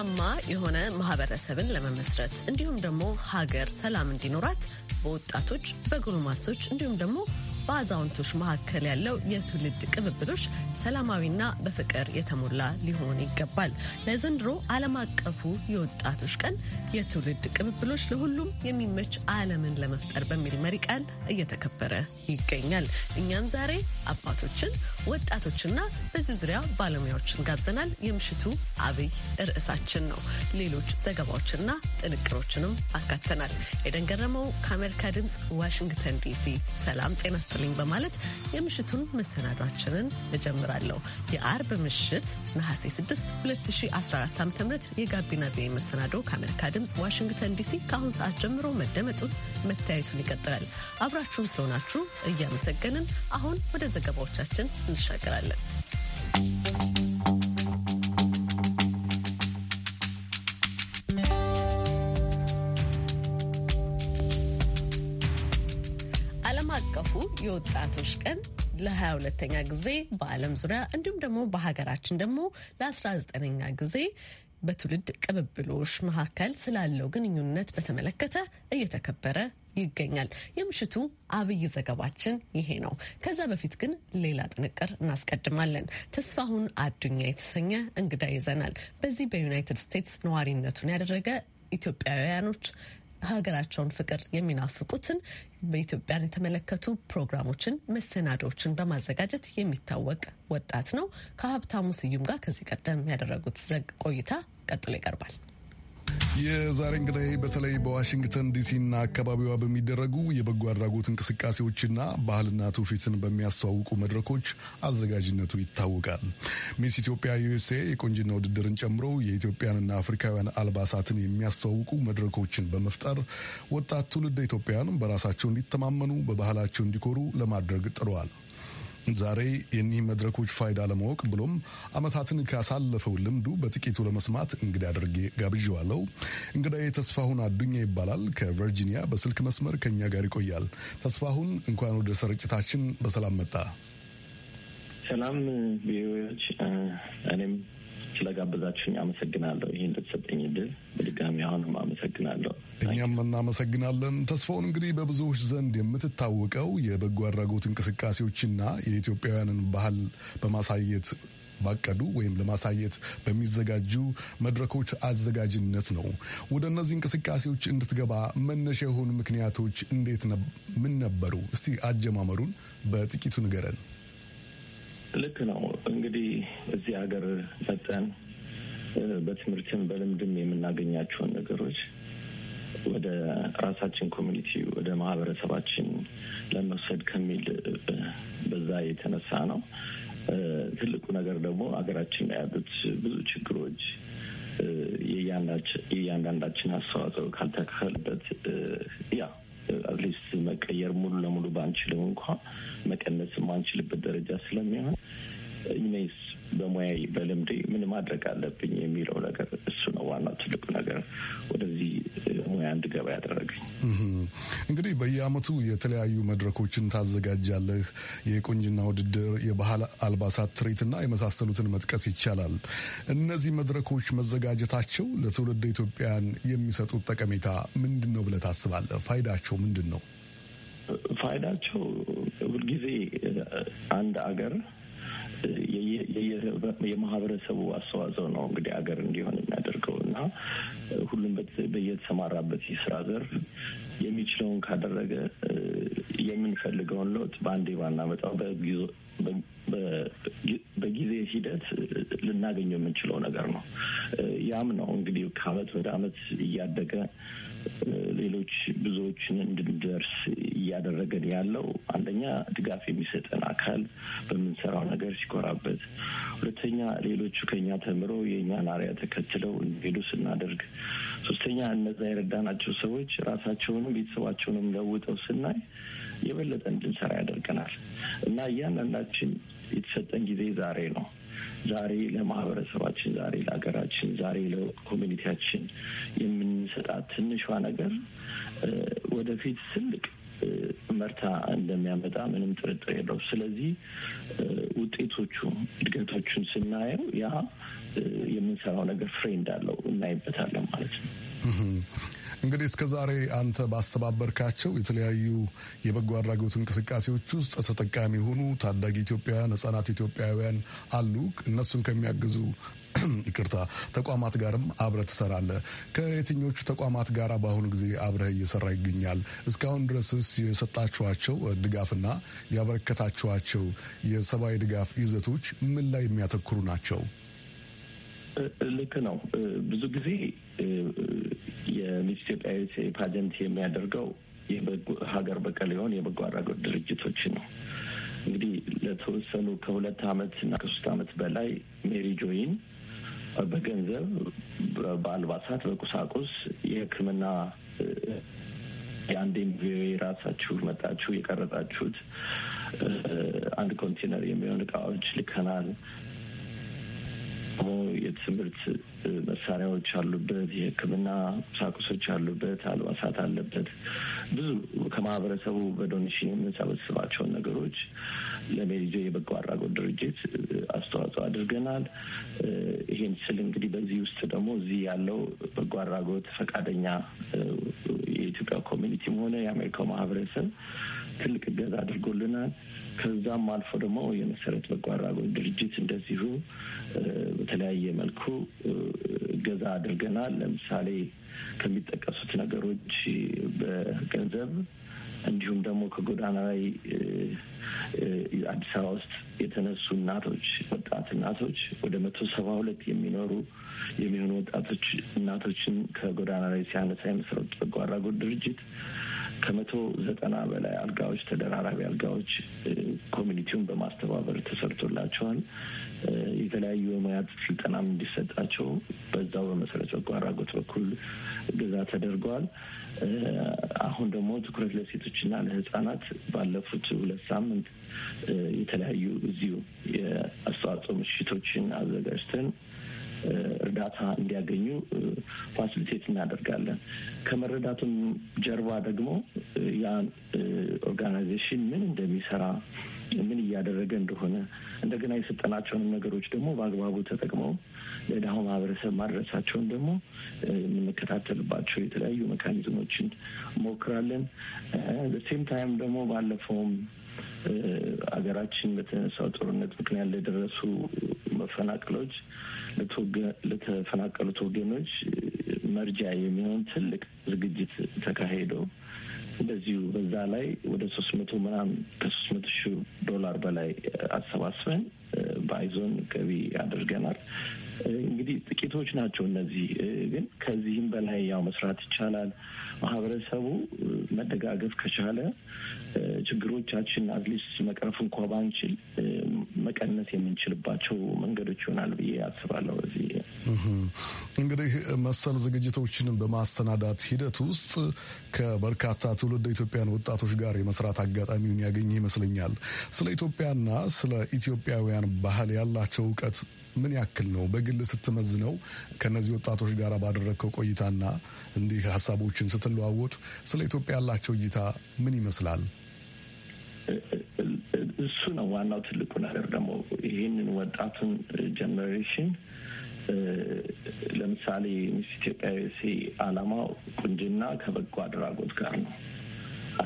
ጤናማ የሆነ ማህበረሰብን ለመመስረት እንዲሁም ደግሞ ሀገር ሰላም እንዲኖራት በወጣቶች በጎልማሶች እንዲሁም ደግሞ በአዛውንቶች መካከል ያለው የትውልድ ቅብብሎች ሰላማዊና በፍቅር የተሞላ ሊሆን ይገባል። ለዘንድሮ ዓለም አቀፉ የወጣቶች ቀን የትውልድ ቅብብሎች ለሁሉም የሚመች ዓለምን ለመፍጠር በሚል መሪ ቃል እየተከበረ ይገኛል። እኛም ዛሬ አባቶችን፣ ወጣቶችና በዚህ ዙሪያ ባለሙያዎችን ጋብዘናል። የምሽቱ አብይ ርዕሳችን ነው። ሌሎች ዘገባዎችና ጥንቅሮችንም አካተናል። የደንገረመው ከአሜሪካ ድምፅ ዋሽንግተን ዲሲ። ሰላም ጤና ይስጥልኝ በማለት የምሽቱን መሰናዷችንን እጀምራለሁ። የአርብ ምሽት ነሐሴ 6 2014 ዓ.ም የጋቢና ቪ መሰናዶ ከአሜሪካ ድምፅ ዋሽንግተን ዲሲ ከአሁን ሰዓት ጀምሮ መደመጡን መታየቱን ይቀጥላል። አብራችሁን ስለሆናችሁ እያመሰገንን አሁን ወደ ዘገባዎቻችን እንሻገራለን። የወጣቶች ቀን ለ22ኛ ጊዜ በዓለም ዙሪያ እንዲሁም ደግሞ በሀገራችን ደግሞ ለ19ኛ ጊዜ በትውልድ ቅብብሎች መካከል ስላለው ግንኙነት በተመለከተ እየተከበረ ይገኛል። የምሽቱ አብይ ዘገባችን ይሄ ነው። ከዛ በፊት ግን ሌላ ጥንቅር እናስቀድማለን። ተስፋሁን አዱኛ የተሰኘ እንግዳ ይዘናል። በዚህ በዩናይትድ ስቴትስ ነዋሪነቱን ያደረገ ኢትዮጵያውያኖች ሀገራቸውን ፍቅር የሚናፍቁትን በኢትዮጵያን የተመለከቱ ፕሮግራሞችን፣ መሰናዶዎችን በማዘጋጀት የሚታወቅ ወጣት ነው። ከሀብታሙ ስዩም ጋር ከዚህ ቀደም ያደረጉት ዘግ ቆይታ ቀጥሎ ይቀርባል። የዛሬ እንግዳይ በተለይ በዋሽንግተን ዲሲና አካባቢዋ በሚደረጉ የበጎ አድራጎት እንቅስቃሴዎችና ባህልና ትውፊትን በሚያስተዋውቁ መድረኮች አዘጋጅነቱ ይታወቃል። ሚስ ኢትዮጵያ ዩኤስኤ የቆንጅና ውድድርን ጨምሮ የኢትዮጵያንና አፍሪካውያን አልባሳትን የሚያስተዋውቁ መድረኮችን በመፍጠር ወጣት ትውልድ ኢትዮጵያን በራሳቸው እንዲተማመኑ፣ በባህላቸው እንዲኮሩ ለማድረግ ጥረዋል። ዛሬ የኒህ መድረኮች ፋይዳ ለማወቅ ብሎም ዓመታትን ካሳለፈው ልምዱ በጥቂቱ ለመስማት እንግዳ አድርጌ ጋብዣዋለሁ። እንግዳ የተስፋሁን አዱኛ ይባላል። ከቨርጂኒያ በስልክ መስመር ከኛ ጋር ይቆያል። ተስፋሁን እንኳን ወደ ስርጭታችን በሰላም መጣ። ሰላም ቪኦኤዎች፣ እኔም ስለጋበዛችሁኝ አመሰግናለሁ። ይህን ልትሰጠኝ ድል በድጋሚ አሁንም አመሰግናለሁ። እኛም እናመሰግናለን። ተስፋውን እንግዲህ በብዙዎች ዘንድ የምትታወቀው የበጎ አድራጎት እንቅስቃሴዎችና የኢትዮጵያውያንን ባህል በማሳየት ባቀዱ ወይም ለማሳየት በሚዘጋጁ መድረኮች አዘጋጅነት ነው። ወደ እነዚህ እንቅስቃሴዎች እንድትገባ መነሻ የሆኑ ምክንያቶች እንዴት ምን ነበሩ? እስቲ አጀማመሩን በጥቂቱ ንገረን። ልክ ነው እንግዲህ እዚህ ሀገር መጠን በትምህርትም በልምድም የምናገኛቸውን ነገሮች ወደ ራሳችን ኮሚኒቲ ወደ ማህበረሰባችን ለመውሰድ ከሚል በዛ የተነሳ ነው። ትልቁ ነገር ደግሞ ሀገራችን ላይ ያሉት ብዙ ችግሮች የእያንዳንዳችን አስተዋጽኦ ካልተካከለበት ያ ባንችለው እንኳ መቀነስ የማንችልበት ደረጃ ስለሚሆን ኢሜስ በሙያዬ በልምዴ ምን ማድረግ አለብኝ የሚለው ነገር እሱ ነው ዋናው ትልቁ ነገር ወደዚህ ሙያ እንድገባ ያደረገኝ። እንግዲህ በየዓመቱ የተለያዩ መድረኮችን ታዘጋጃለህ። የቁንጅና ውድድር፣ የባህል አልባሳት ትርኢትና የመሳሰሉትን መጥቀስ ይቻላል። እነዚህ መድረኮች መዘጋጀታቸው ለትውልድ ኢትዮጵያን የሚሰጡት ጠቀሜታ ምንድን ነው ብለህ ታስባለህ? ፋይዳቸው ምንድን ነው? ፋይዳቸው ሁልጊዜ አንድ አገር የማህበረሰቡ አስተዋጽኦ ነው እንግዲህ አገር እንዲሆን የሚያደርገው እና ሁሉም በየተሰማራበት የስራ ዘርፍ የሚችለውን ካደረገ የምንፈልገውን ለውጥ በአንዴ ባናመጣው በጊዜ ሂደት ልናገኘው የምንችለው ነገር ነው። ያም ነው እንግዲህ ከአመት ወደ አመት እያደገ ሌሎች ብዙዎችን እንድንደርስ እያደረገን ያለው አንደኛ ድጋፍ የሚሰጠን አካል በምንሰራው ነገር ሲኮራበት፣ ሁለተኛ ሌሎቹ ከኛ ተምሮ የእኛን አርያ ተከትለው እንዲሄዱ ስናደርግ፣ ሶስተኛ እነዛ የረዳናቸው ሰዎች ራሳቸውንም ቤተሰባቸውንም ለውጠው ስናይ የበለጠ እንድንሰራ ያደርገናል እና እያንዳንዳችን የተሰጠን ጊዜ ዛሬ ነው። ዛሬ ለማህበረሰባችን፣ ዛሬ ለሀገራችን፣ ዛሬ ለኮሚኒቲያችን የምንሰጣት ትንሿ ነገር ወደፊት ትልቅ መርታ እንደሚያመጣ ምንም ጥርጥር የለው። ስለዚህ ውጤቶቹ እድገቶቹን ስናየው ያ የምንሰራው ነገር ፍሬ እንዳለው እናይበታለን ማለት ነው። እንግዲህ እስከ ዛሬ አንተ ባስተባበርካቸው የተለያዩ የበጎ አድራጎት እንቅስቃሴዎች ውስጥ ተጠቃሚ የሆኑ ታዳጊ ኢትዮጵያውያን፣ ህጻናት ኢትዮጵያውያን አሉ። እነሱን ከሚያግዙ ይቅርታ ተቋማት ጋርም አብረህ ትሰራለህ። ከየትኞቹ ተቋማት ጋር በአሁኑ ጊዜ አብረህ እየሰራ ይገኛል? እስካሁን ድረስስ የሰጣችኋቸው ድጋፍና ያበረከታችኋቸው የሰብአዊ ድጋፍ ይዘቶች ምን ላይ የሚያተኩሩ ናቸው? ልክ ነው። ብዙ ጊዜ ሚስ ኢትዮጵያ ዩኤስኤ ፓጀንት የሚያደርገው ሀገር በቀል የሆን የበጎ አድራጎት ድርጅቶች ነው። እንግዲህ ለተወሰኑ ከሁለት አመት እና ከሶስት አመት በላይ ሜሪ ጆይን በገንዘብ በአልባሳት፣ በቁሳቁስ የሕክምና የአንዴን ቪኦኤ ራሳችሁ መጣችሁ የቀረጣችሁት አንድ ኮንቴነር የሚሆን እቃዎች ልከናል። ደግሞ የትምህርት መሳሪያዎች አሉበት፣ የሕክምና ቁሳቁሶች አሉበት፣ አልባሳት አለበት። ብዙ ከማህበረሰቡ በዶኔሽን የምንሰበስባቸውን ነገሮች ለሜሪጆ የበጎ አድራጎት ድርጅት አስተዋጽኦ አድርገናል። ይሄን ስል እንግዲህ በዚህ ውስጥ ደግሞ እዚህ ያለው በጎ አድራጎት ፈቃደኛ የኢትዮጵያ ኮሚኒቲም ሆነ የአሜሪካው ማህበረሰብ ትልቅ እገዛ አድርጎልናል። ከዛም አልፎ ደግሞ የመሰረት በጎ አድራጎት ድርጅት እንደዚሁ በተለያየ መልኩ እገዛ አድርገናል። ለምሳሌ ከሚጠቀሱት ነገሮች በገንዘብ እንዲሁም ደግሞ ከጎዳና ላይ አዲስ አበባ ውስጥ የተነሱ እናቶች ወጣት እናቶች ወደ መቶ ሰባ ሁለት የሚኖሩ የሚሆኑ ወጣቶች እናቶችን ከጎዳና ላይ ሲያነሳ የመሰረት በጎ አድራጎት ድርጅት ከመቶ ዘጠና በላይ አልጋዎች፣ ተደራራቢ አልጋዎች ኮሚኒቲውን በማስተባበር ተሰርቶላቸዋል። የተለያዩ የሙያ ስልጠናም እንዲሰጣቸው በዛው በመሰረት በጎ አድራጎት በኩል እገዛ ተደርገዋል። አሁን ደግሞ ትኩረት ለሴቶችና ለህጻናት ባለፉት ሁለት ሳምንት የተለያዩ እዚሁ የአስተዋጽኦ ምሽቶችን አዘጋጅተን እርዳታ እንዲያገኙ ፋሲሊቴት እናደርጋለን። ከመረዳቱም ጀርባ ደግሞ ያን ኦርጋናይዜሽን ምን እንደሚሰራ ምን እያደረገ እንደሆነ እንደገና የሰጠናቸውንም ነገሮች ደግሞ በአግባቡ ተጠቅመው ለድሃው ማህበረሰብ ማድረሳቸውን ደግሞ የምንከታተልባቸው የተለያዩ ሜካኒዝሞችን ሞክራለን። ሴም ታይም ደግሞ ባለፈውም አገራችን በተነሳው ጦርነት ምክንያት ለደረሱ መፈናቀሎች ለተፈናቀሉት ወገኖች መርጃ የሚሆን ትልቅ ዝግጅት ተካሄዶ እንደዚሁ በዛ ላይ ወደ ሶስት መቶ ምናም ከሶስት መቶ ሺ ዶላር በላይ አሰባስበን በአይዞን ገቢ አድርገናል። እንግዲህ ጥቂቶች ናቸው እነዚህ ግን ከዚህም በላይ መስራት ይቻላል። ማህበረሰቡ መደጋገፍ ከቻለ ችግሮቻችን አትሊስት መቅረፍ እንኳ ባንችል መቀነስ የምንችልባቸው መንገዶች ይሆናል ብዬ አስባለሁ። በዚህ እንግዲህ መሰል ዝግጅቶችንም በማሰናዳት ሂደት ውስጥ ከበርካታ ትውልድ ኢትዮጵያን ወጣቶች ጋር የመስራት አጋጣሚውን ያገኘ ይመስለኛል። ስለ ኢትዮጵያና ስለ ኢትዮጵያውያን ባህል ያላቸው እውቀት ምን ያክል ነው በግል ስትመዝነው ከነዚህ ወጣቶች ጋር ባደረግከው ቆይታና እንዲህ ሀሳቦችን ስትለዋወጥ ስለ ኢትዮጵያ ያላቸው እይታ ምን ይመስላል? እሱ ነው ዋናው ትልቁ ነገር። ደግሞ ይህንን ወጣቱን ጀኔሬሽን ለምሳሌ ሚስ ኢትዮጵያ ሲ አላማው ቁንጅና ከበጎ አድራጎት ጋር ነው።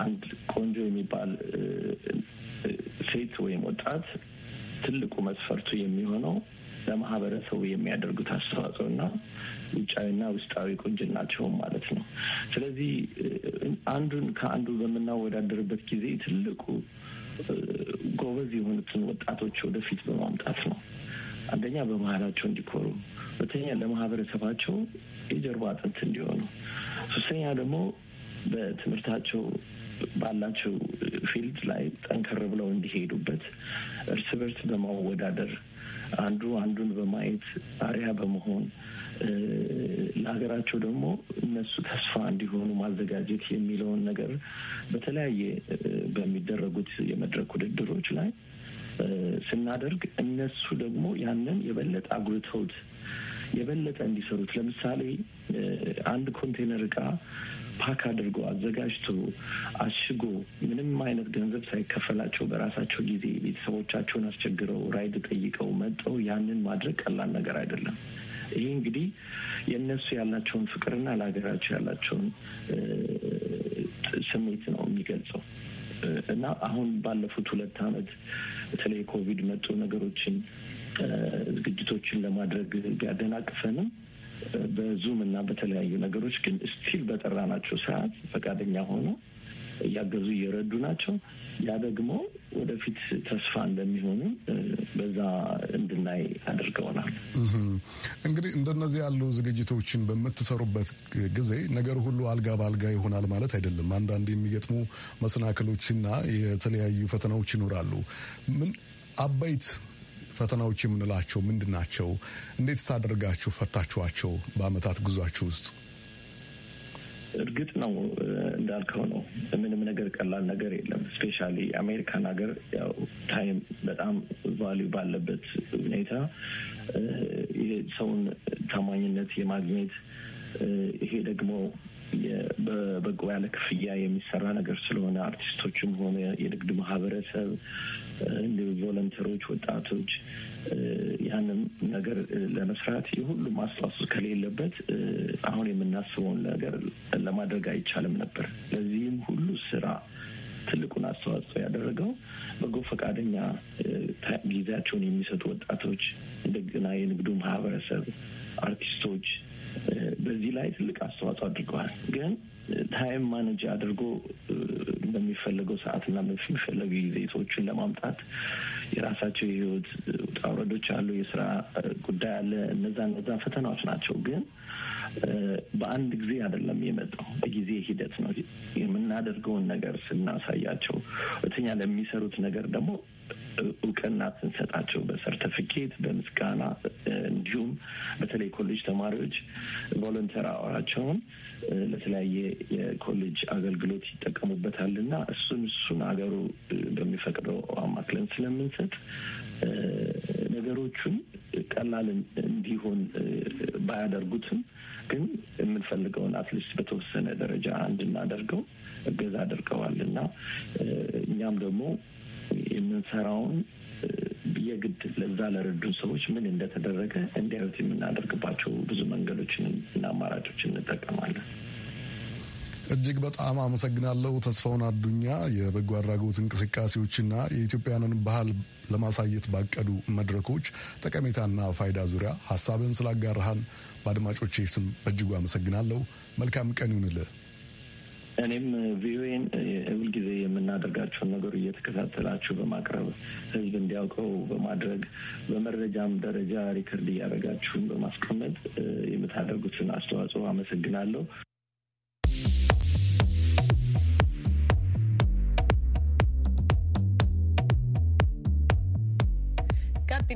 አንድ ቆንጆ የሚባል ሴት ወይም ወጣት ትልቁ መስፈርቱ የሚሆነው ለማህበረሰቡ የሚያደርጉት አስተዋጽኦ እና ውጫዊና ውስጣዊ ቁንጅናቸውም ማለት ነው። ስለዚህ አንዱን ከአንዱ በምናወዳደርበት ጊዜ ትልቁ ጎበዝ የሆኑትን ወጣቶች ወደፊት በማምጣት ነው። አንደኛ በባህላቸው እንዲኮሩ፣ ሁለተኛ ለማህበረሰባቸው የጀርባ አጥንት እንዲሆኑ፣ ሶስተኛ ደግሞ በትምህርታቸው ባላቸው ፊልድ ላይ ጠንከር ብለው እንዲሄዱበት እርስ በርስ በማወዳደር አንዱ አንዱን በማየት አሪያ በመሆን ለሀገራቸው ደግሞ እነሱ ተስፋ እንዲሆኑ ማዘጋጀት የሚለውን ነገር በተለያየ በሚደረጉት የመድረክ ውድድሮች ላይ ስናደርግ እነሱ ደግሞ ያንን የበለጠ አጉልተውት የበለጠ እንዲሰሩት ለምሳሌ አንድ ኮንቴነር እቃ ፓክ አድርጎ አዘጋጅቶ አሽጎ ምንም አይነት ገንዘብ ሳይከፈላቸው በራሳቸው ጊዜ ቤተሰቦቻቸውን አስቸግረው ራይድ ጠይቀው መጠው ያንን ማድረግ ቀላል ነገር አይደለም። ይህ እንግዲህ የእነሱ ያላቸውን ፍቅርና ለሀገራቸው ያላቸውን ስሜት ነው የሚገልጸው እና አሁን ባለፉት ሁለት ዓመት በተለይ ኮቪድ መጡ ነገሮችን ዝግጅቶችን ለማድረግ ቢያደናቅፈንም በዙም እና በተለያዩ ነገሮች ግን ስቲል በጠራ ናቸው ሰዓት ፈቃደኛ ሆኖ እያገዙ እየረዱ ናቸው። ያ ደግሞ ወደፊት ተስፋ እንደሚሆኑ በዛ እንድናይ አድርገውናል። እንግዲህ እንደነዚህ ያሉ ዝግጅቶችን በምትሰሩበት ጊዜ ነገር ሁሉ አልጋ በአልጋ ይሆናል ማለት አይደለም። አንዳንድ የሚገጥሙ መሰናክሎችና የተለያዩ ፈተናዎች ይኖራሉ። ምን አበይት ፈተናዎች የምንላቸው ምንድን ናቸው? እንዴት ሳደርጋችሁ ፈታችኋቸው? በአመታት ጉዟችሁ ውስጥ እርግጥ ነው እንዳልከው ነው። ምንም ነገር ቀላል ነገር የለም። ስፔሻሊ አሜሪካን ሀገር ያው ታይም በጣም ቫሊዩ ባለበት ሁኔታ ሰውን ታማኝነት የማግኘት ይሄ ደግሞ በበጎ ያለ ክፍያ የሚሰራ ነገር ስለሆነ አርቲስቶችም ሆነ የንግድ ማህበረሰብ እንዲ ቮለንተሮች፣ ወጣቶች ያንን ነገር ለመስራት የሁሉም አስተዋጽኦ ከሌለበት አሁን የምናስበውን ነገር ለማድረግ አይቻልም ነበር። ለዚህም ሁሉ ስራ ትልቁን አስተዋጽኦ ያደረገው በጎ ፈቃደኛ ጊዜያቸውን የሚሰጡ ወጣቶች፣ እንደገና የንግዱ ማህበረሰብ፣ አርቲስቶች በዚህ ላይ ትልቅ አስተዋጽኦ አድርገዋል። ግን ታይም ማነጅ አድርጎ በሚፈለገው ሰዓትና በሚፈለገ ጊዜቶችን ለማምጣት የራሳቸው የህይወት ውጣ ውረዶች አሉ፣ የስራ ጉዳይ አለ። እነዛ እነዛ ፈተናዎች ናቸው። ግን በአንድ ጊዜ አይደለም የመጣው፣ በጊዜ ሂደት ነው። የምናደርገውን ነገር ስናሳያቸው፣ ሁለተኛ ለሚሰሩት ነገር ደግሞ እውቅና ስንሰጣቸው በሰርተፊኬት በምስጋና እንዲሁም በተለይ ኮሌጅ ተማሪዎች ቮለንተር አወራቸውን ለተለያየ የኮሌጅ አገልግሎት ይጠቀሙበታል እና እሱን እሱን አገሩ በሚፈቅደው አማክለን ስለምንሰጥ ነገሮቹን ቀላል እንዲሆን ባያደርጉትም ግን የምንፈልገውን አትሊስት በተወሰነ ደረጃ እንድናደርገው እገዛ አድርገዋል እና እኛም ደግሞ የምንሰራውን የግድ ለዛ ለረዱ ሰዎች ምን እንደተደረገ እንዲያዩት የምናደርግባቸው ብዙ መንገዶችን እና አማራጮች እንጠቀማለን። እጅግ በጣም አመሰግናለሁ። ተስፋውን አዱኛ የበጎ አድራጎት እንቅስቃሴዎችና የኢትዮጵያንን ባህል ለማሳየት ባቀዱ መድረኮች ጠቀሜታና ፋይዳ ዙሪያ ሀሳብን ስላጋርሃን በአድማጮቼ ስም በእጅጉ አመሰግናለሁ። መልካም ቀን ይሁንልህ። እኔም ቪኦኤን ሁልጊዜ የምናደርጋቸውን ነገሩ እየተከታተላችሁ በማቅረብ ህዝብ እንዲያውቀው በማድረግ በመረጃም ደረጃ ሪከርድ እያደረጋችሁን በማስቀመጥ የምታደርጉትን አስተዋጽኦ አመሰግናለሁ።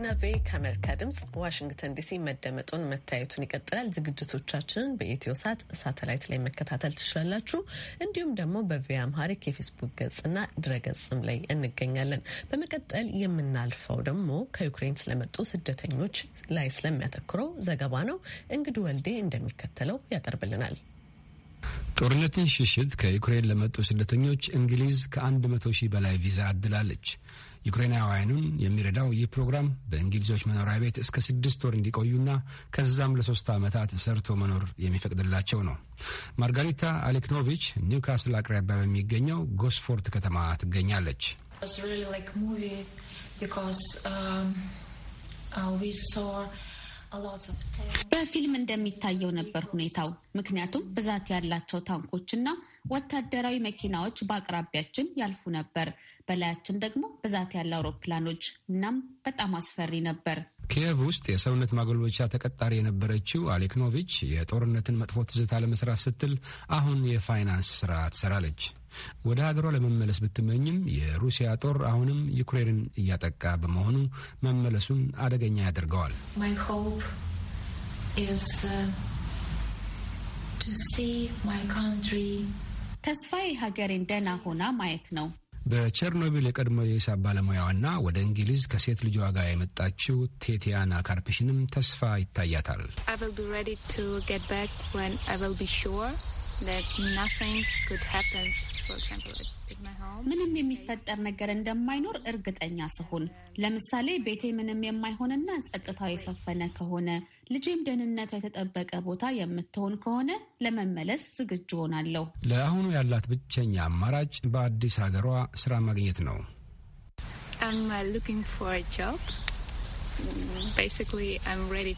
ጋቢና ቬ ከአሜሪካ ድምጽ ዋሽንግተን ዲሲ መደመጡን መታየቱን ይቀጥላል። ዝግጅቶቻችንን በኢትዮ ሳት ሳተላይት ላይ መከታተል ትችላላችሁ። እንዲሁም ደግሞ በቪ አምሃሪክ የፌስቡክ ገጽና ድረገጽም ላይ እንገኛለን። በመቀጠል የምናልፈው ደግሞ ከዩክሬን ስለመጡ ስደተኞች ላይ ስለሚያተኩረው ዘገባ ነው። እንግዲህ ወልዴ እንደሚከተለው ያቀርብልናል። ጦርነትን ሽሽት ከዩክሬን ለመጡ ስደተኞች እንግሊዝ ከአንድ መቶ ሺህ በላይ ቪዛ አድላለች። ዩክሬናውያኑን የሚረዳው ይህ ፕሮግራም በእንግሊዞች መኖሪያ ቤት እስከ ስድስት ወር እንዲቆዩና ከዛም ለሶስት ዓመታት ሰርቶ መኖር የሚፈቅድላቸው ነው። ማርጋሪታ አሌክኖቪች ኒውካስል አቅራቢያ በሚገኘው ጎስፎርት ከተማ ትገኛለች። because um, uh, we saw በፊልም እንደሚታየው ነበር ሁኔታው። ምክንያቱም ብዛት ያላቸው ታንኮች እና ወታደራዊ መኪናዎች በአቅራቢያችን ያልፉ ነበር፣ በላያችን ደግሞ ብዛት ያለ አውሮፕላኖች። እናም በጣም አስፈሪ ነበር። ኪየቭ ውስጥ የሰውነት ማጎልበቻ ተቀጣሪ የነበረችው አሌክኖቪች የጦርነትን መጥፎ ትዝታ ለመስራት ስትል አሁን የፋይናንስ ስራ ትሰራለች። ወደ ሀገሯ ለመመለስ ብትመኝም የሩሲያ ጦር አሁንም ዩክሬንን እያጠቃ በመሆኑ መመለሱን አደገኛ ያደርገዋል። uh, ተስፋዬ ሀገሬን ደህና ሆና ማየት ነው። በቸርኖቢል የቀድሞ የሂሳብ ባለሙያዋና ወደ እንግሊዝ ከሴት ልጇ ጋር የመጣችው ቴቲያና ካርፕሽንም ተስፋ ይታያታል። ምንም የሚፈጠር ነገር እንደማይኖር እርግጠኛ ስሆን፣ ለምሳሌ ቤቴ ምንም የማይሆንና ጸጥታው የሰፈነ ከሆነ፣ ልጄም ደህንነቷ የተጠበቀ ቦታ የምትሆን ከሆነ ለመመለስ ዝግጁ ሆናለሁ። ለአሁኑ ያላት ብቸኛ አማራጭ በአዲስ ሀገሯ ስራ ማግኘት ነው። ቤሲክሊ አም ሬዲ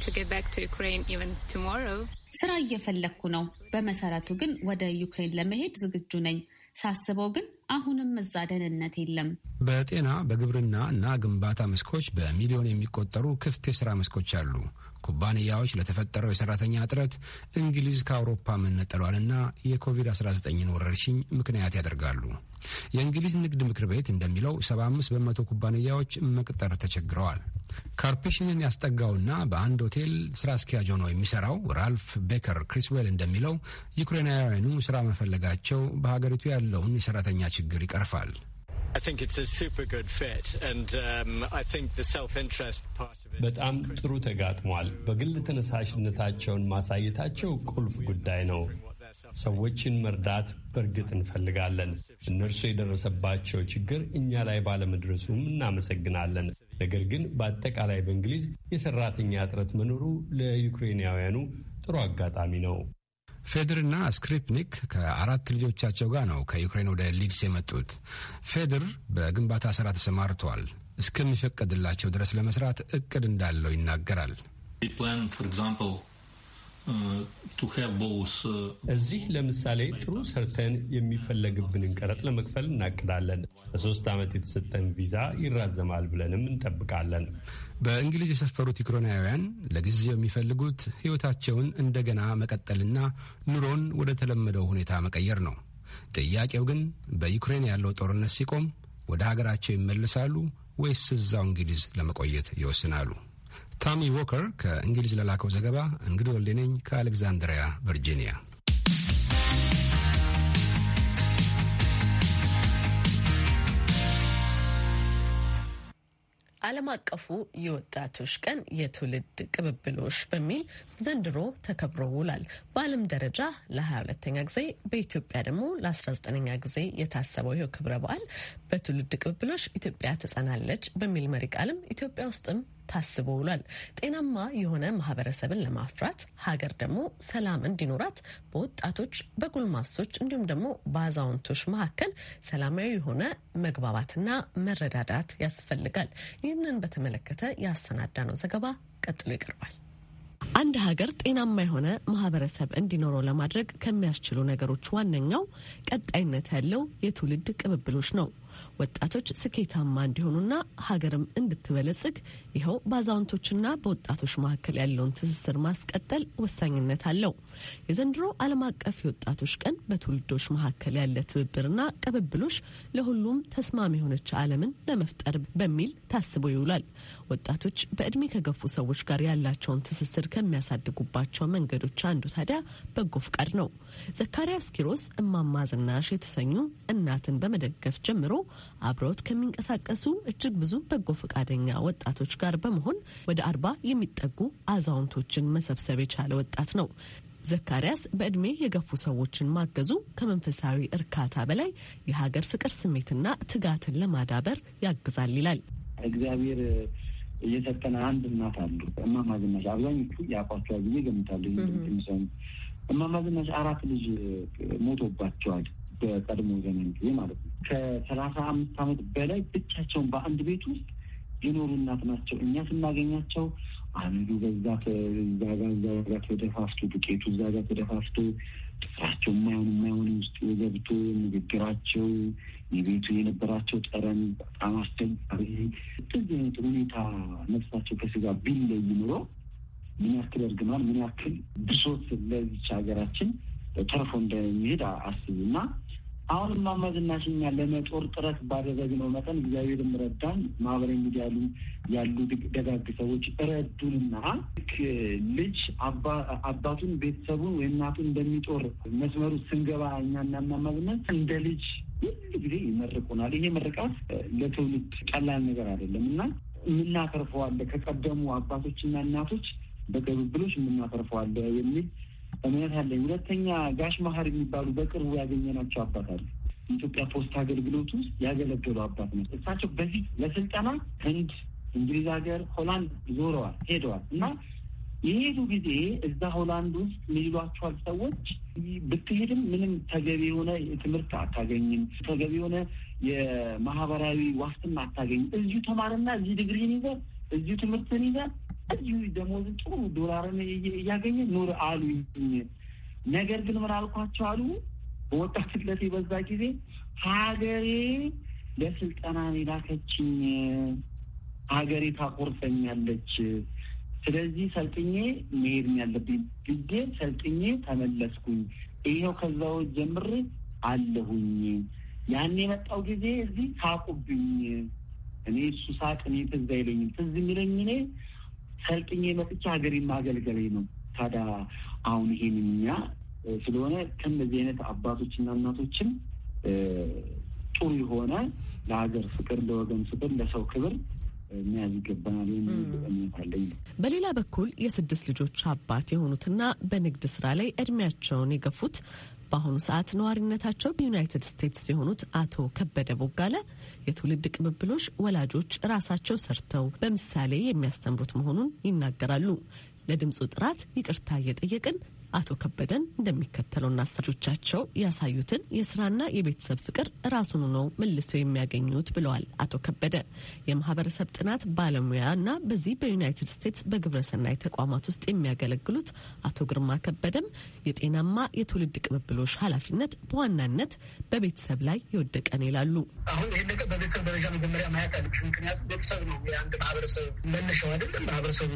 ስራ እየፈለግኩ ነው። በመሰረቱ ግን ወደ ዩክሬን ለመሄድ ዝግጁ ነኝ። ሳስበው ግን አሁንም እዛ ደህንነት የለም። በጤና በግብርና እና ግንባታ መስኮች በሚሊዮን የሚቆጠሩ ክፍት የስራ መስኮች አሉ። ኩባንያዎች ለተፈጠረው የሰራተኛ እጥረት እንግሊዝ ከአውሮፓ መነጠሏንና የኮቪድ-19ን ወረርሽኝ ምክንያት ያደርጋሉ። የእንግሊዝ ንግድ ምክር ቤት እንደሚለው 75 በመቶ ኩባንያዎች መቅጠር ተቸግረዋል። ካርፔሽንን ያስጠጋውና በአንድ ሆቴል ስራ አስኪያጅ ሆኖ የሚሰራው ራልፍ ቤከር ክሪስዌል እንደሚለው ዩክሬናውያኑ ስራ መፈለጋቸው በሀገሪቱ ያለውን የሰራተኛ ችግር ይቀርፋል። በጣም ጥሩ ተጋጥሟል። በግል ተነሳሽነታቸውን ማሳየታቸው ቁልፍ ጉዳይ ነው። ሰዎችን መርዳት በእርግጥ እንፈልጋለን። እነርሱ የደረሰባቸው ችግር እኛ ላይ ባለመድረሱም እናመሰግናለን። ነገር ግን በአጠቃላይ በእንግሊዝ የሰራተኛ እጥረት መኖሩ ለዩክሬናውያኑ ጥሩ አጋጣሚ ነው። ፌድርና ስክሪፕኒክ ከአራት ልጆቻቸው ጋር ነው ከዩክሬን ወደ ሊድስ የመጡት። ፌድር በግንባታ ስራ ተሰማርተዋል። እስከሚፈቀድላቸው ድረስ ለመስራት እቅድ እንዳለው ይናገራል። እዚህ ለምሳሌ ጥሩ ሰርተን የሚፈለግብንን ቀረጥ ለመክፈል እናቅዳለን። ለሶስት ዓመት የተሰጠን ቪዛ ይራዘማል ብለንም እንጠብቃለን። በእንግሊዝ የሰፈሩት ዩክሬናውያን ለጊዜው የሚፈልጉት ሕይወታቸውን እንደገና መቀጠልና ኑሮን ወደ ተለመደው ሁኔታ መቀየር ነው። ጥያቄው ግን በዩክሬን ያለው ጦርነት ሲቆም ወደ ሀገራቸው ይመለሳሉ ወይስ እዛው እንግሊዝ ለመቆየት ይወስናሉ? ታሚ ዎከር ከእንግሊዝ ለላከው ዘገባ። እንግዲህ ወልዴ ነኝ ከአሌክዛንድሪያ ቨርጂኒያ። ዓለም አቀፉ የወጣቶች ቀን የትውልድ ቅብብሎሽ በሚል ዘንድሮ ተከብሮ ውሏል። በዓለም ደረጃ ለ22ኛ ጊዜ በኢትዮጵያ ደግሞ ለ19ኛ ጊዜ የታሰበው ይኸው ክብረ በዓል በትውልድ ቅብብሎች ኢትዮጵያ ትጸናለች በሚል መሪ ቃልም ኢትዮጵያ ውስጥም ታስቦ ውሏል። ጤናማ የሆነ ማህበረሰብን ለማፍራት ሀገር ደግሞ ሰላም እንዲኖራት በወጣቶች በጎልማሶች እንዲሁም ደግሞ በአዛውንቶች መካከል ሰላማዊ የሆነ መግባባትና መረዳዳት ያስፈልጋል። ይህንን በተመለከተ ያሰናዳ ነው ዘገባ ቀጥሎ ይቀርባል። አንድ ሀገር ጤናማ የሆነ ማህበረሰብ እንዲኖረው ለማድረግ ከሚያስችሉ ነገሮች ዋነኛው ቀጣይነት ያለው የትውልድ ቅብብሎች ነው። ወጣቶች ስኬታማ እንዲሆኑና ሀገርም እንድትበለጽግ ይኸው በአዛውንቶችና በወጣቶች መካከል ያለውን ትስስር ማስቀጠል ወሳኝነት አለው። የዘንድሮ ዓለም አቀፍ የወጣቶች ቀን በትውልዶች መካከል ያለ ትብብርና ቅብብሎች ለሁሉም ተስማሚ የሆነች ዓለምን ለመፍጠር በሚል ታስቦ ይውላል። ወጣቶች በእድሜ ከገፉ ሰዎች ጋር ያላቸውን ትስስር ከሚያሳድጉባቸው መንገዶች አንዱ ታዲያ በጎ ፍቃድ ነው። ዘካሪያስ ኪሮስ እማማ ዝናሽ የተሰኙ እናትን በመደገፍ ጀምሮ አብረውት ከሚንቀሳቀሱ እጅግ ብዙ በጎ ፈቃደኛ ወጣቶች ጋር በመሆን ወደ አርባ የሚጠጉ አዛውንቶችን መሰብሰብ የቻለ ወጣት ነው። ዘካርያስ በእድሜ የገፉ ሰዎችን ማገዙ ከመንፈሳዊ እርካታ በላይ የሀገር ፍቅር ስሜትና ትጋትን ለማዳበር ያግዛል ይላል። እግዚአብሔር እየሰጠን አንድ እናት አሉ። እማማ ዝናሽ አብዛኞቹ ያውቋቸዋል ብዬ ገምታለሁ። የሚሰሙ እማማ ዝናሽ አራት ልጅ ሞቶባቸዋል። በቀድሞ ዘመን ጊዜ ማለት ነው። ከሰላሳ አምስት ዓመት በላይ ብቻቸውን በአንድ ቤት ውስጥ የኖሩ እናት ናቸው። እኛ ስናገኛቸው አንዱ በዛ ከዛ ጋር እዛ ጋር ተደፋፍቶ ዱቄቱ እዛ ጋር ተደፋፍቶ ጥፍራቸው የማይሆን የማይሆን ውስጥ የገብቶ ንግግራቸው፣ የቤቱ የነበራቸው ጠረን በጣም አስቸጋሪ። እንደዚህ አይነት ሁኔታ ነፍሳቸው ከስጋ ቢለይ ኑሮ ምን ያክል እርግማን ምን ያክል ብሶት ለዚች ሀገራችን ተርፎ እንደሚሄድ አስብና አሁንም አማዝናሽ እኛ ለመጦር ጥረት ባደረግነው መጠን እግዚአብሔርም ረዳን። ማህበራዊ ሚዲያ ያሉ ደጋግ ሰዎች ረዱንና ልክ ልጅ አባቱን ቤተሰቡን ወይ እናቱን እንደሚጦር መስመሩ ስንገባ እኛ እናማመዝነት እንደ ልጅ ሁሉ ጊዜ ይመርቁናል። ይሄ ምርቃት ለትውልድ ቀላል ነገር አይደለም እና የምናተርፈዋለ ከቀደሙ አባቶችና እናቶች በቅብብሎች የምናተርፈዋለ የሚል እምነት አለኝ። ሁለተኛ ጋሽ መሀር የሚባሉ በቅርቡ ያገኘናቸው አባት አሉ። ኢትዮጵያ ፖስታ አገልግሎት ውስጥ ያገለገሉ አባት ነው። እሳቸው በፊት ለስልጠና ህንድ፣ እንግሊዝ ሀገር፣ ሆላንድ ዞረዋል፣ ሄደዋል እና የሄዱ ጊዜ እዛ ሆላንድ ውስጥ ሚሏቸዋል ሰዎች ብትሄድም ምንም ተገቢ የሆነ ትምህርት አታገኝም፣ ተገቢ የሆነ የማህበራዊ ዋስትና አታገኝም። እዚሁ ተማርና እዚህ ዲግሪህን ይዘህ እዚሁ ትምህርትን ይዘህ እዚሁ ደሞዝ ጥሩ ዶላርን እያገኘ ኑር አሉኝ። ነገር ግን ምን አልኳቸው አሉ በወጣትነት በዛ ጊዜ ሀገሬ ለስልጠና ላከችኝ፣ ሀገሬ ታቆርጠኛለች። ስለዚህ ሰልጥኜ መሄድ ያለብኝ ጊዜ ሰልጥኜ ተመለስኩኝ። ይኸው ከዛው ጀምር አለሁኝ። ያን የመጣው ጊዜ እዚህ ሳቁብኝ። እኔ እሱ ሳቅ እኔ ትዝ አይለኝም። ትዝ የሚለኝ እኔ ሰልጥኜ መጥቼ ሀገሬን ማገልገሌ ነው። ታዲያ አሁን ይሄን እኛ ስለሆነ ከነዚህ አይነት አባቶችና እናቶችን ጥሩ የሆነ ለሀገር ፍቅር፣ ለወገን ፍቅር፣ ለሰው ክብር በሌላ በኩል የስድስት ልጆች አባት የሆኑትና በንግድ ስራ ላይ እድሜያቸውን የገፉት በአሁኑ ሰዓት ነዋሪነታቸው በዩናይትድ ስቴትስ የሆኑት አቶ ከበደ ቦጋለ የትውልድ ቅብብሎች ወላጆች ራሳቸው ሰርተው በምሳሌ የሚያስተምሩት መሆኑን ይናገራሉ። ለድምፁ ጥራት ይቅርታ እየጠየቅን አቶ ከበደን እንደሚከተለው አሳጆቻቸው ያሳዩትን የስራና የቤተሰብ ፍቅር ራሱን ነው መልሰው የሚያገኙት ብለዋል። አቶ ከበደ የማህበረሰብ ጥናት ባለሙያና በዚህ በዩናይትድ ስቴትስ በግብረሰናይ ተቋማት ውስጥ የሚያገለግሉት አቶ ግርማ ከበደም የጤናማ የትውልድ ቅብብሎች ኃላፊነት በዋናነት በቤተሰብ ላይ የወደቀ ነው ይላሉ። አሁን ይህ ነገር በቤተሰብ ደረጃ መጀመሪያ ማየት አለብሽ። ምክንያቱም ቤተሰብ ነው የአንድ ማህበረሰብ መነሻው አይደለም። ማህበረሰቡ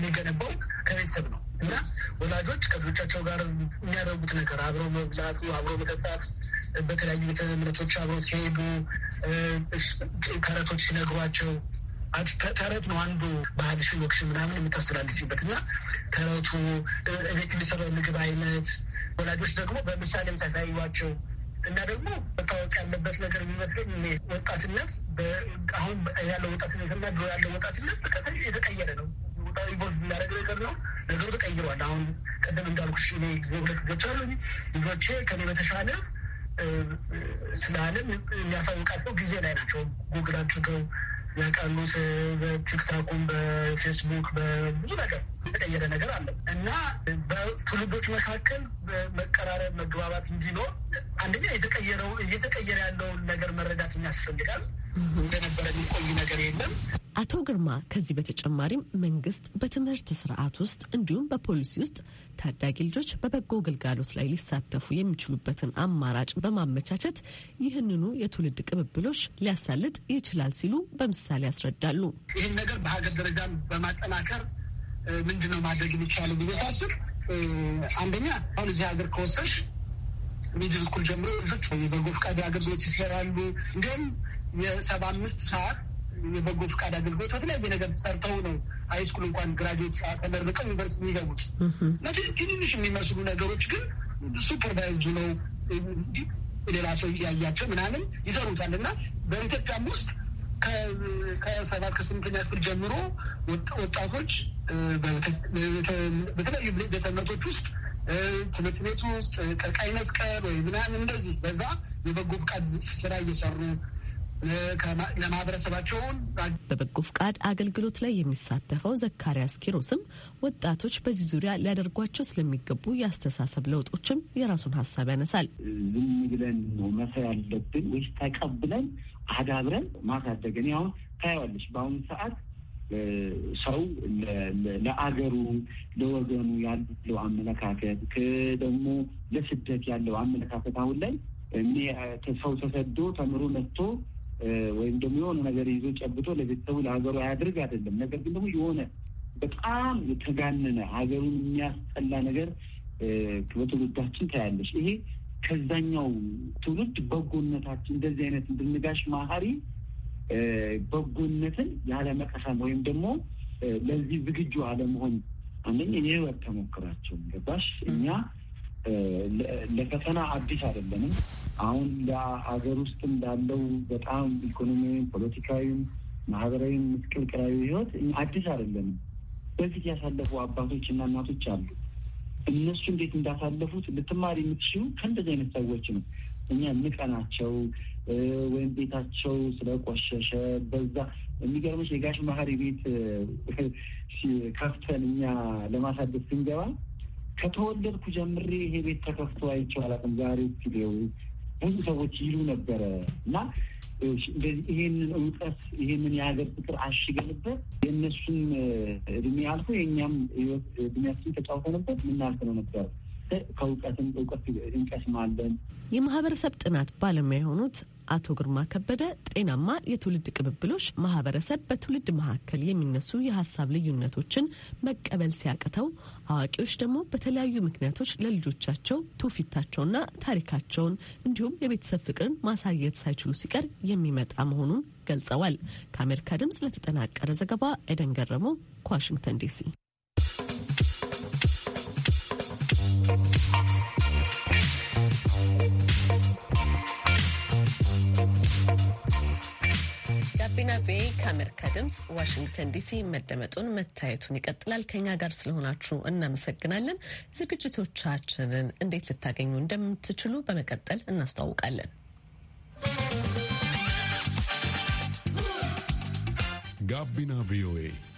የሚገነባው ከቤተሰብ ነው። እና ወላጆች ከልጆቻቸው ጋር የሚያደርጉት ነገር አብሮ መብላቱ፣ አብሮ መጠጣት፣ በተለያዩ ቤተ እምነቶች አብሮ ሲሄዱ ተረቶች ሲነግሯቸው ተረት ነው አንዱ ባህልሽ ወክሽ ምናምን የምታስተላልፊበት እና ተረቱ እቤት የሚሰራው ምግብ አይነት ወላጆች ደግሞ በምሳሌ ሳሳዩዋቸው እና ደግሞ መታወቅ ያለበት ነገር የሚመስለኝ ወጣትነት አሁን ያለው ወጣትነት እና ድሮ ያለው ወጣትነት የተቀየረ ነው። ቦታ ኢንቮልቭ እንዳደረግ ነገር ነው። ነገሩ ተቀይሯል። አሁን ቀደም እንዳልኩሽ እኔ ጊዜ ሁለት ልጆች አሉ። ልጆቼ ከኔ በተሻለ ስለ ዓለም የሚያሳውቃቸው ጊዜ ላይ ናቸው። ጉግል አድርገው ያውቃሉ። በቲክታኩም፣ በፌስቡክ በብዙ ነገር የተቀየረ ነገር አለ እና በትውልዶች መካከል መቀራረብ፣ መግባባት እንዲኖር አንደኛ የተቀየረው እየተቀየረ ያለውን ነገር መረዳት የሚያስፈልጋል። እንደነበረ የሚቆይ ነገር የለም። አቶ ግርማ ከዚህ በተጨማሪም መንግስት በትምህርት ስርዓት ውስጥ እንዲሁም በፖሊሲ ውስጥ ታዳጊ ልጆች በበጎ ግልጋሎት ላይ ሊሳተፉ የሚችሉበትን አማራጭ በማመቻቸት ይህንኑ የትውልድ ቅብብሎች ሊያሳልጥ ይችላል ሲሉ በምሳሌ ያስረዳሉ። ይህን ነገር በሀገር ደረጃ በማጠናከር ምንድነው ማድረግ የሚቻለ ብዬ ሳስብ፣ አንደኛ አሁን እዚህ ሀገር ከወሰሽ ሚድል ስኩል ጀምሮ ልጆች የበጎ ፈቃድ አገልግሎት ይሰራሉ። እንዲሁም የሰባ አምስት ሰዓት የበጎ ፍቃድ አገልግሎት በተለያየ ነገር ሰርተው ነው ሃይስኩል እንኳን ግራጁዌት ተመርቀው ዩኒቨርሲቲ የሚገቡት እና ትንንሽ የሚመስሉ ነገሮች ግን ሱፐርቫይዝድ ነው ሌላ ሰው እያያቸው ምናምን ይሰሩታል እና በኢትዮጵያም ውስጥ ከሰባት ከስምንተኛ ክፍል ጀምሮ ወጣቶች በተለያዩ ቤተ ውስጥ ትምህርት ቤት ውስጥ ቀይ መስቀል ወይ ምናምን እንደዚህ በዛ የበጎ ፍቃድ ስራ እየሰሩ ለማህበረሰባቸውን በበጎ ፍቃድ አገልግሎት ላይ የሚሳተፈው ዘካሪያስ ኪሮስም ወጣቶች በዚህ ዙሪያ ሊያደርጓቸው ስለሚገቡ የአስተሳሰብ ለውጦችም የራሱን ሀሳብ ያነሳል። ዝም ብለን ነው መሰ ያለብን ወይ ተቀብለን አዳብረን ማሳደግ። እኔ አሁን ታየዋለች በአሁኑ ሰዓት ሰው ለአገሩ ለወገኑ ያለው አመለካከት ደግሞ ለስደት ያለው አመለካከት አሁን ላይ ሰው ተሰዶ ተምሮ መጥቶ ወይም ደግሞ የሆነ ነገር ይዞ ጨብጦ ለቤተሰቡ ለሀገሩ አያድርግ አይደለም። ነገር ግን ደግሞ የሆነ በጣም የተጋነነ ሀገሩን የሚያስጠላ ነገር በትውልዳችን ታያለች። ይሄ ከዛኛው ትውልድ በጎነታችን እንደዚህ አይነት እንድንጋሽ ማህሪ በጎነትን ያለመቀሰም ወይም ደግሞ ለዚህ ዝግጁ አለመሆን አንደኛ ይህ ተሞክራቸው ገባሽ እኛ ለፈተና አዲስ አይደለንም። አሁን ለሀገር ውስጥ እንዳለው በጣም ኢኮኖሚያዊም፣ ፖለቲካዊም፣ ማህበራዊም ምስቅልቅላዊ ህይወት አዲስ አይደለንም። በፊት ያሳለፉ አባቶች እና እናቶች አሉ። እነሱ እንዴት እንዳሳለፉት ልትማሪ የምትችሉ ከእንደዚህ አይነት ሰዎች ነው። እኛ ንቀናቸው ወይም ቤታቸው ስለቆሸሸ በዛ የሚገርመች የጋሽ ማህሪ ቤት ከፍተን እኛ ለማሳደግ ስንገባ ከተወለድኩ ጀምሬ ይሄ ቤት ተከፍቶ አይቼው አላውቅም። ዛሬ ስሌው ብዙ ሰዎች ይሉ ነበረ እና ይሄንን እውቀት ይሄንን የሀገር ፍቅር አሽገንበት የእነሱም እድሜ አልፎ የእኛም እድሜያችን ተጫውተንበት ምናልፍ ነው ነበር ከእውቀትም እውቀት እንቀስማለን። የማህበረሰብ ጥናት ባለሙያ የሆኑት አቶ ግርማ ከበደ ጤናማ የትውልድ ቅብብሎች ማህበረሰብ በትውልድ መካከል የሚነሱ የሀሳብ ልዩነቶችን መቀበል ሲያቅተው፣ አዋቂዎች ደግሞ በተለያዩ ምክንያቶች ለልጆቻቸው ትውፊታቸውና ታሪካቸውን እንዲሁም የቤተሰብ ፍቅርን ማሳየት ሳይችሉ ሲቀር የሚመጣ መሆኑን ገልጸዋል። ከአሜሪካ ድምጽ ለተጠናቀረ ዘገባ ኤደን ገረመው ከዋሽንግተን ዲሲ ጋቢና ቤ ከአሜሪካ ድምፅ ዋሽንግተን ዲሲ መደመጡን መታየቱን ይቀጥላል። ከኛ ጋር ስለሆናችሁ እናመሰግናለን። ዝግጅቶቻችንን እንዴት ልታገኙ እንደምትችሉ በመቀጠል እናስተዋውቃለን። ጋቢና ቪኦኤ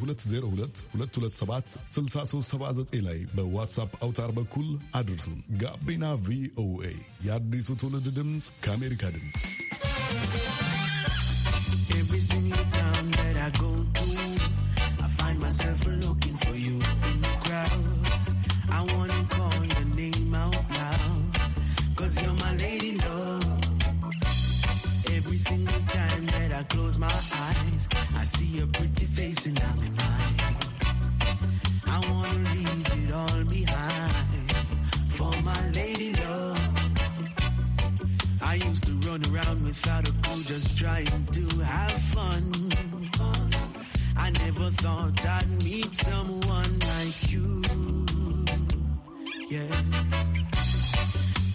በ2022276379 ላይ በዋትሳፕ አውታር በኩል አድርሱን። ጋቢና ቪኦኤ የአዲሱ ትውልድ ድምፅ ከአሜሪካ ድምፅ Close my eyes, I see a pretty Trying to have fun. I never thought I'd meet someone like you. Yeah.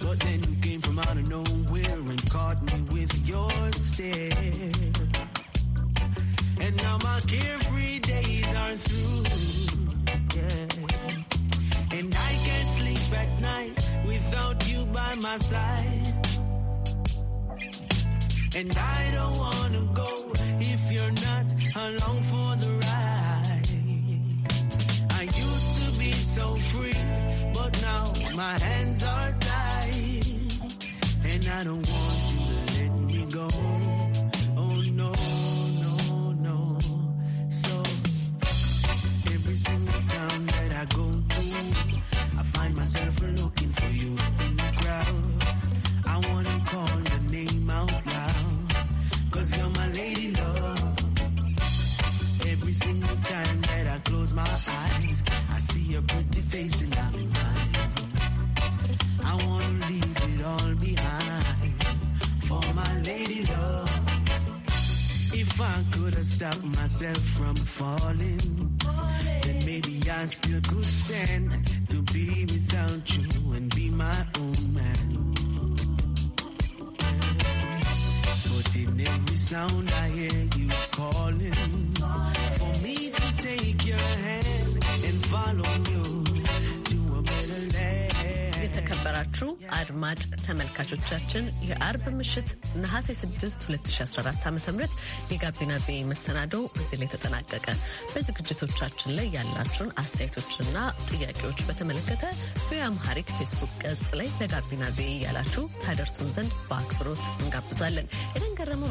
But then you came from out of nowhere and caught me with your stare. And now my carefree days are through. Yeah. And I can't sleep at night without you by my side. And I don't wanna go if you're not along for the ride. I used to be so free, but now my hands are tied. And I don't want you to let me go. Oh no, no, no. So every single time that I go through, I find myself looking for you in the crowd. I wanna call my eyes. I see your pretty face and I'm in mine. I wanna leave it all behind for my lady love. If I could have stopped myself from falling, then maybe I still could stand to be without you and be my own man. in every sound I hear you calling for me to take your hand and follow you. የተከበራችሁ አድማጭ ተመልካቾቻችን የአርብ ምሽት ነሐሴ 6 2014 ዓ ም የጋቢና ቪ መሰናዶው እዚህ ላይ ተጠናቀቀ። በዝግጅቶቻችን ላይ ያላችሁን አስተያየቶችና ጥያቄዎች በተመለከተ በአምሃሪክ ፌስቡክ ገጽ ላይ ለጋቢና ቪ ያላችሁ ታደርሱን ዘንድ በአክብሮት እንጋብዛለን። ኤደን ገረመው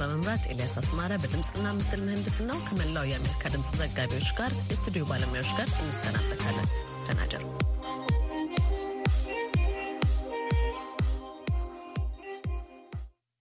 በመምራት ኤልያስ አስማረ በድምፅና ምስል ምህንድስናው ከመላው የአሜሪካ ድምፅ ዘጋቢዎች ጋር የስቱዲዮ ባለሙያዎች ጋር እንሰናበታለን። ደህና